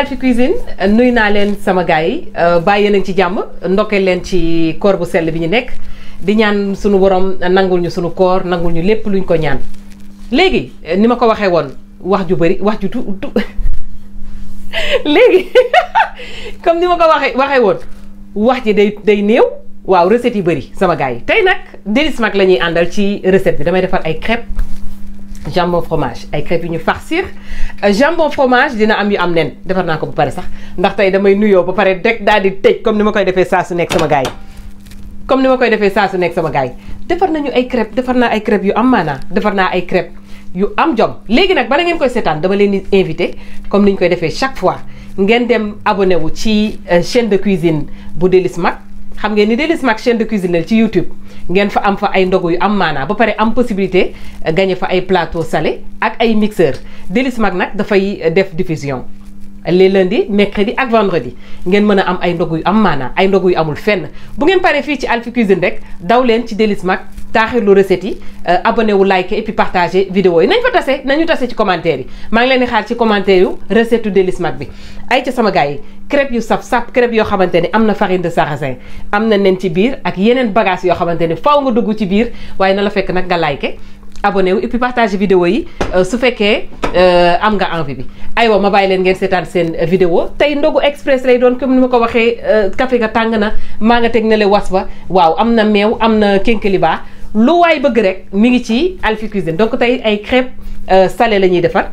Alphie Cuisine nuy naa leen sama gars yi euh, bàyyi yéen a ci jàmb ndokkee leen ci koor bu sell bi ñu nekk di ñaan suñu borom nangul ñu suñu koor nangul ñu lépp luñ ko ñaan léegi euh, ni ma ko waxee woon wax ju bëri wax ju tu tu léegi comme ni ma ko waxee waxee woon wax ji day day néew waaw recettes yi bëri sama gars yi tey nag Délice Mag la ñuy àndal ci recette bi damay defar ay crêpes jambon fromage ay crêpes yu ñu farcir euh, jambon fromage dina am yu am nen defar naa ko ba pare sax ndax tey damay nuyoo ba pare rek daal di tëj comme ni ma koy defee saa su nekk sama gars yi comme ni ma koy saa su nekk sama yi defar nañu ay crêpes defar naa ay crêpes yu am maanaa defar naa ay crêpes yu am jom léegi nag bala ngeen koy seetaan dama leen di invité comme ni ñu koy defee chaque fois ngeen dem abonné wu ci euh, chaîne de cuisine bu Délices Mag xam ngeen ni Délices Max chaîne de cuisine la ci YouTube ngeen fa am fa ay ndogu yu am maanaa ba pare am possibilité euh, gagné fa ay plateau salé ak ay mixeur Délices mag nag dafay euh, def diffusion les lundi mercredi ak vendredi ngeen mën a am ay ndogu yu am maanaa ay ndogu yu amul fenn bu ngeen paree fii ci Alphie Cuisine rek daw leen ci Délices mag taaxirlu recette yi euh, abonné wu like et puis partagé yi nañ fa tase nañu tase ci commentaire yi maa ngi leen di xaar ci commentaire yu recette yu délice bi ay ca sama gars yi yu saf sap crêpe yoo xamante ne am na farin de sarrasin am na nen ci biir ak yeneen bagage yoo xamante ne faw nga dugg ci biir waaye na la fekk nag nga like abonné wu et puis partagé yi euh, su fekkee euh, am nga envie bi aywa ma bàyyi leen ngeen seetaan seen vidéo tey ndogu express lay comme ni ma ko waxee café ga tàng na maa teg na le was ba waaw am na meew am na kénkeliba lu waay bëgg rek mi ngi ci Alphie Cuisine donc tey ay crêpes euh, salées la ñuy defar.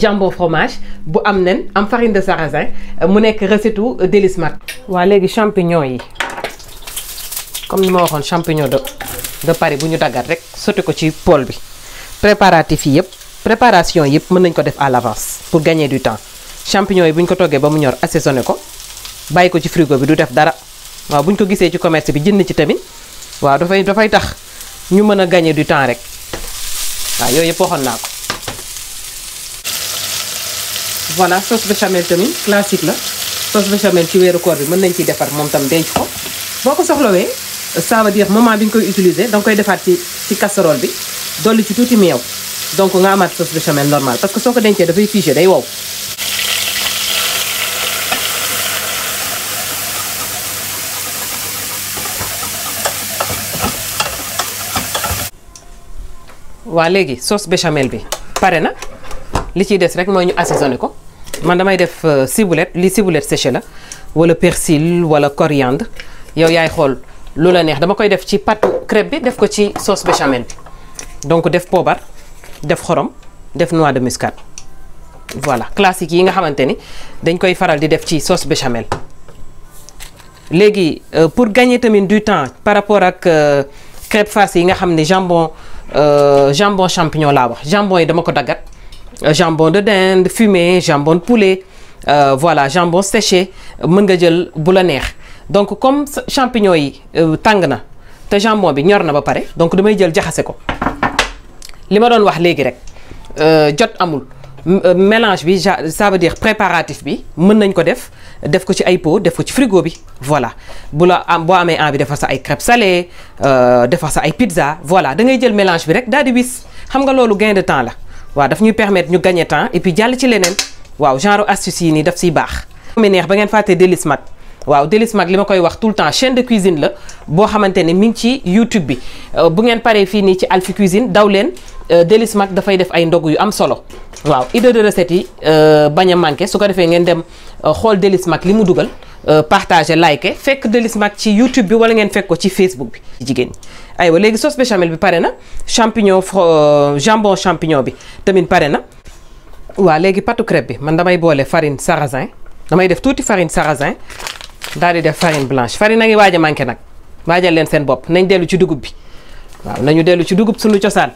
jambon fromage bu am nen am farine de sarrasin euh, mu nekk recette u euh, Délices waa léegi champignon yi comme ni ma waxoon champignon de de Paris bu ñu daggat rek sotti ko ci poêle bi préparatifs yi yëpp préparation yëpp mën nañ ko def à l'avance pour gagner du temps champignon yi bu ñu ko toggee ba mu ñor assaisonné ko bàyyi ko ci frigo bi du def dara waaw bu ñu ko gisee ci commerce bi jënd ci tamit. waaw dafay dafay tax ñu mën a gagner di temps rek waaw yooyu yëpp waxoon naa ko voilà sauce béchamel tamit classique la sauce béchamel ci weeru koor bi mën nañ ciy defar moom tam denc ko boo ko soxlawee ça veut dire moment bi nga koy utiliser da koy defaat ci ci casserole bi dolli ci tuuti meew donc nga amaat sauce béchamel normal parce que soo ko dencee dafay figé day wow waa léegi sos béchamel bi pare na li ciy des rek mooy ñu assaisonné ko man damay def euh, ciboulette li ciboulette séchée la wala persil wala coriandre yow yaay xool lu la neex dama koy def ci pâte crêpe bi def ko ci sauce béchamel bi donc def poobar def xorom def noix de muscade voilà classique yi nga xamante ni dañ koy faral di def ci sauce béchamel léegi euh, pour gagner tamit du temps par rapport ak euh, crêpe farcie yi nga xam ne jambon Euh, jambon champignon laa wax jambon yi dama ko daggat euh, jambon de dinde fumé jambon de poulet euh, voilà jambon séché mën nga jël bula neex donc comme champignon yi tàng na te jambon bi ñor na ba pare donc damay jël jaxase ko li ma doon wax léegi rek jot amul Euh, mélange bi ça veut dire préparatif bi mën nañ ko def def ko ci ay pot def ko ci frigo bi voilà bu la am boo amee en envie defar sa ay crêpes salées euh, defar sa ay pizza voilà da ngay jël mélange bi rek daal di wis xam nga loolu gain de temps la waaw daf ñuy permettre ñu gagner temps et jàll ci leneen waaw genre astuce yi nii daf siy baax. mi neex ba ngeen fàtte Délices Mac waaw Délices li ma koy wax tout le temps chaîne de cuisine la boo xamante ne mi ngi ci YouTube bi euh, bu ngeen paree fii nii ci Alphie Cuisine daw leen Délices Mac dafay def ay ndog yu am solo. waaw idée de recette yi euh, bañ a manqué su ko defee ngeen dem euh, xool Délices Mag li mu dugal euh, partager like fekk Délices Mag ci YouTube bi wala ngeen fekk ko ci Facebook bi. jigéen ñi aywa léegi sauce béchamel bi pare na champignon jambon champignon bi tamit pare na. waaw léegi pâte crêpe bi man damay boole farine sarrasin damay def tuuti farine sarrasin daal di def farine blanche farine a ngi waaj manqué nag waajal leen seen bopp nañ dellu ci dugub bi waaw nañu dellu ci dugub suñu cosaan.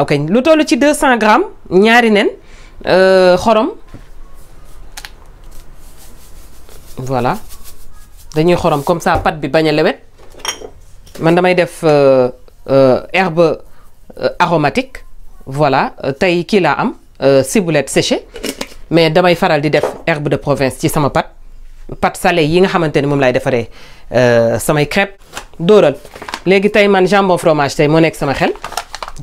ok lu toll ci 200 grammes ñaari nen euh, xorom voilà dañuy xorom comme ça pat bi bañ a lewet man damay def euh, euh, herbe aromatique voilà tey kii laa am ciboulette séchée mais damay faral di def herbe de province ci sama pâte pâte salée yi nga xamante ne moom laay defaree samay crêpes dóoral léegi tey man jambon fromage tey moo nekk sama xel.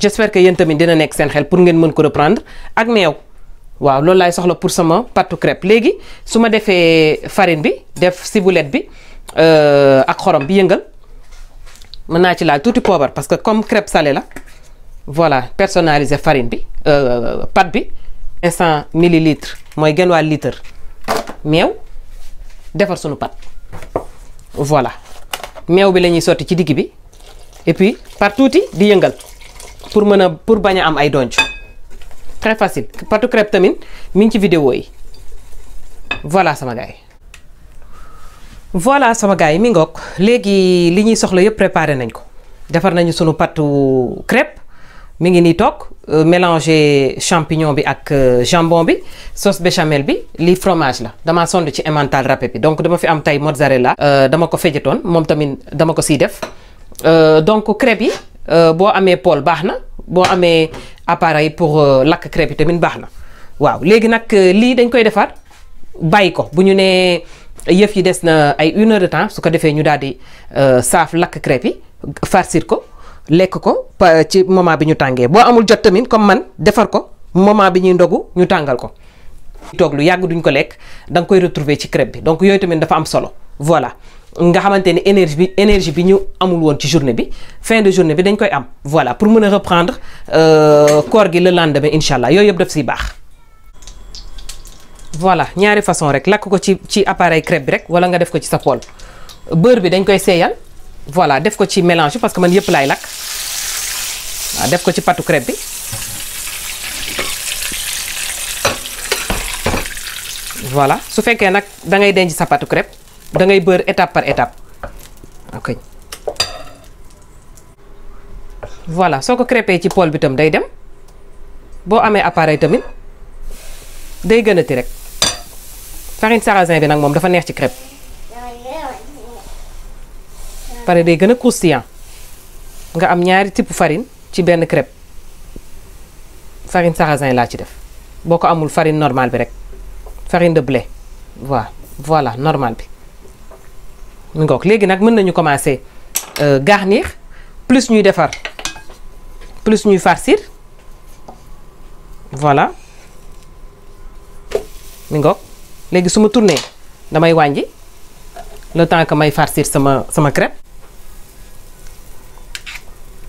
j'espère que yéen tamit dina nekk seen xel pour ngeen mën ko reprendre ak meew waaw loolu laay soxla pour sama pâte crêpe léegi su ma defee farine bi def ciboulette bi euh, ak xorom bi yëngal mën naa ci laal tuuti poobar parce que comme crêpe sale la voilà personnaliser farine bi euh, pâte bi 500 millilitres mooy genn waa litre meew defar sunu pâte voilà meew bi lañuy sotti ci digg bi et puis par tuuti di yëngal pour mën a pour bañ a am ay donc très facile pâtu crêpe tamit mi ngi ci vidéo yi voilà sama gars voilà sama gars yi mi ngook léegi li ñuy soxla yëpp préparé nañ ko defar nañu sunu pâtu crêpe mu ngi nii toog euh, mélanger champignon bi ak euh, jambon bi sauce béchamel bi lii fromage la damaa sond ci emmental râpé bi donc dama fi am tey mozzarella euh, dama ko fejetoon moom tamit dama ko siy def donc crêpe yi Euh, boo amee poêle baax na boo amee appareil pour euh, lakk crêpe yi tamit baax na waaw léegi nag euh, lii dañ koy defar bàyyi ko bu ñu nee yëf yi des na ay une heure de temps su ko defee ñu daal di saaf lakk crêpe yi farcir ko lekk ko ci moment bi ñu tàngee boo amul jot tamit comme man defar ko moment bi ñuy ndogu ñu tàngal ko. toog lu yàgg duñ ko lekk da nga koy retrouver ci crêpe bi donc yooyu tamit dafa am solo voilà. nga xamante ni énergie bi énergie bi ñu amul woon ci journée bi fin de journée bi dañ koy am voilà pour mën a reprendre euh, koor gi le lendemain incha allah yooyu yëpp def siy baax. voilà ñaari façon rek lakk ko ci ci appareil crêpe bi rek wala nga def ko ci sa poêle beurre bi dañ koy seeyal voilà def ko ci mélange bi parce que man yëpp laay lakk waaw def ko ci patu crêpe bi. voilà su fekkee nag da ngay denc sa patu crêpe. da ngay bër étape par étape ok voilà soo ko crêpé ci pool bi tam day dem boo amee appareil tamit day gën a ti rek farine sarrasin bi nag moom dafa neex ci crêpe pare day gën a croustillant nga am ñaari type farine ci benn crêpe farine sarrasin laa ci def boo ko amul farine normale bi rek farine de blé voilà normal bi mu ngoog léegi nag mën nañu commencer euh, garnir plus ñuy defar plus ñuy farcir voilà mi léegi su ma tourner damay wàññi le temps que may farcir sama sama crêpe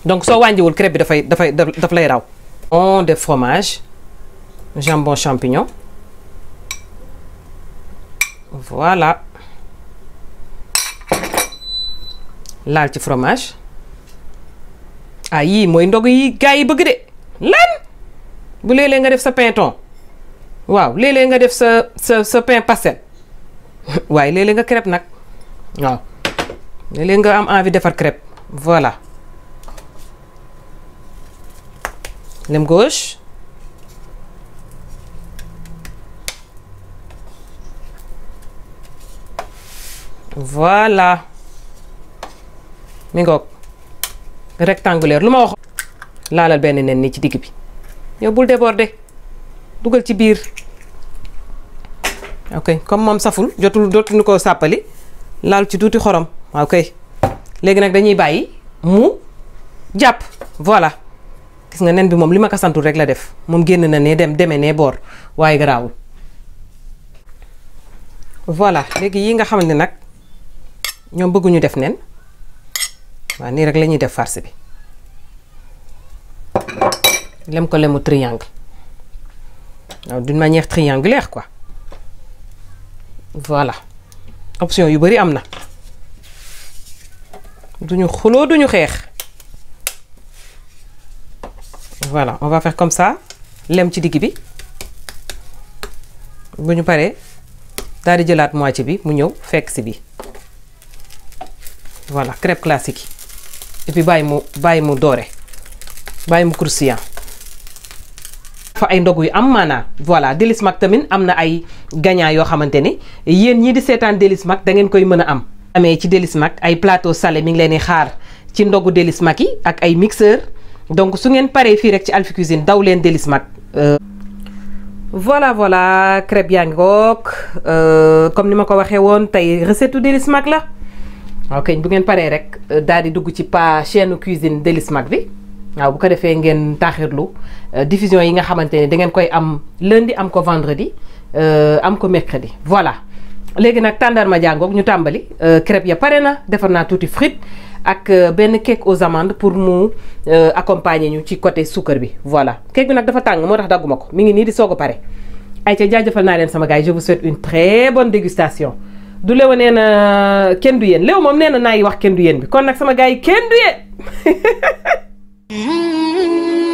donc soo wàññiwul crêpe bi dafay dafay daf lay raw. on de fromage jambon champignon voilà. laal ci fromage ah yii mooy ndog yi gars yi bëgg de lan bu léeg nga def sa pain thon waaw léeg nga def sa sa sa pain pastel waaye léeg nga crêpe nag waaw léeg nga am envie defar crêpe voilà lem gauche voilà mi ngoog rectangulaire lu ma wax laalal benn nen nii ci digg bi yow bul déborder dugal ci biir ok comme moom saful jotul dootuñu ko sàppali laal ci tuuti xorom waaw kay léegi nag dañuy bàyyi mu jàpp voilà gis nga nen bi moom li ma ko santul rek la def moom génn na ne dem deme ne boor waaye garaawul voilà léegi yi nga xam ne nag ñoom bëgguñu def nen waa nii rek lañuy def farce bi lem ko lemu triangle waaw d'une manière triangulaire quoi voilà option yu bari am na duñu xuloo duñu xeex voilà on va faire comme ça lem ci digg bi bu ñu paree daal di jëlaat moitié bi mu ñëw fekk si bi voilà crêpe classique et bàyyi mu bàyyi mu doore bàyyi mu croustillant fa ay ndog yu am maanaa voilà Délice Mag tamit am na ay gagnant yoo xamante ni yéen ñii di seetaan Délice Mag da ngeen koy mën a am. amee ci Délice Mag ay plateau salé mi ngi leen di xaar ci ndogu Délice Mag yi ak ay mixeur donc su ngeen paree fii rek ci Alphie Cuisine daw leen Délice Mag. voilà voilà crêpe yaa ngi euh, comme ni ma ko waxee woon tey recette u Délice Mag la. waaw kañ bu ngeen paree rek euh, daal di dugg ci pa chaîne cuisine Délices bi waaw bu ko defee ngeen taaxirlu euh, diffusion yi nga xamante ne dangeen koy am lundi am ko vendredi euh, am ko mercredi voilà. léegi nag tàndarma jàngook ñu tàmbali crêpe ya pare na defar naa tuuti frites ak benn cake aux amandes pour mu accompagner ñu ci côté suukar bi voilà. cake bi nag dafa tàng moo tax dagguma ko mi ngi nii di soo a pare ay ca jaajëfal naa leen sama gars yi je vous souhaite dégustation. du lewa nee na kenn du yéen léew moom nee na naa yi wax kenn du yéen bi kon nag sama gars yi kenn du yéen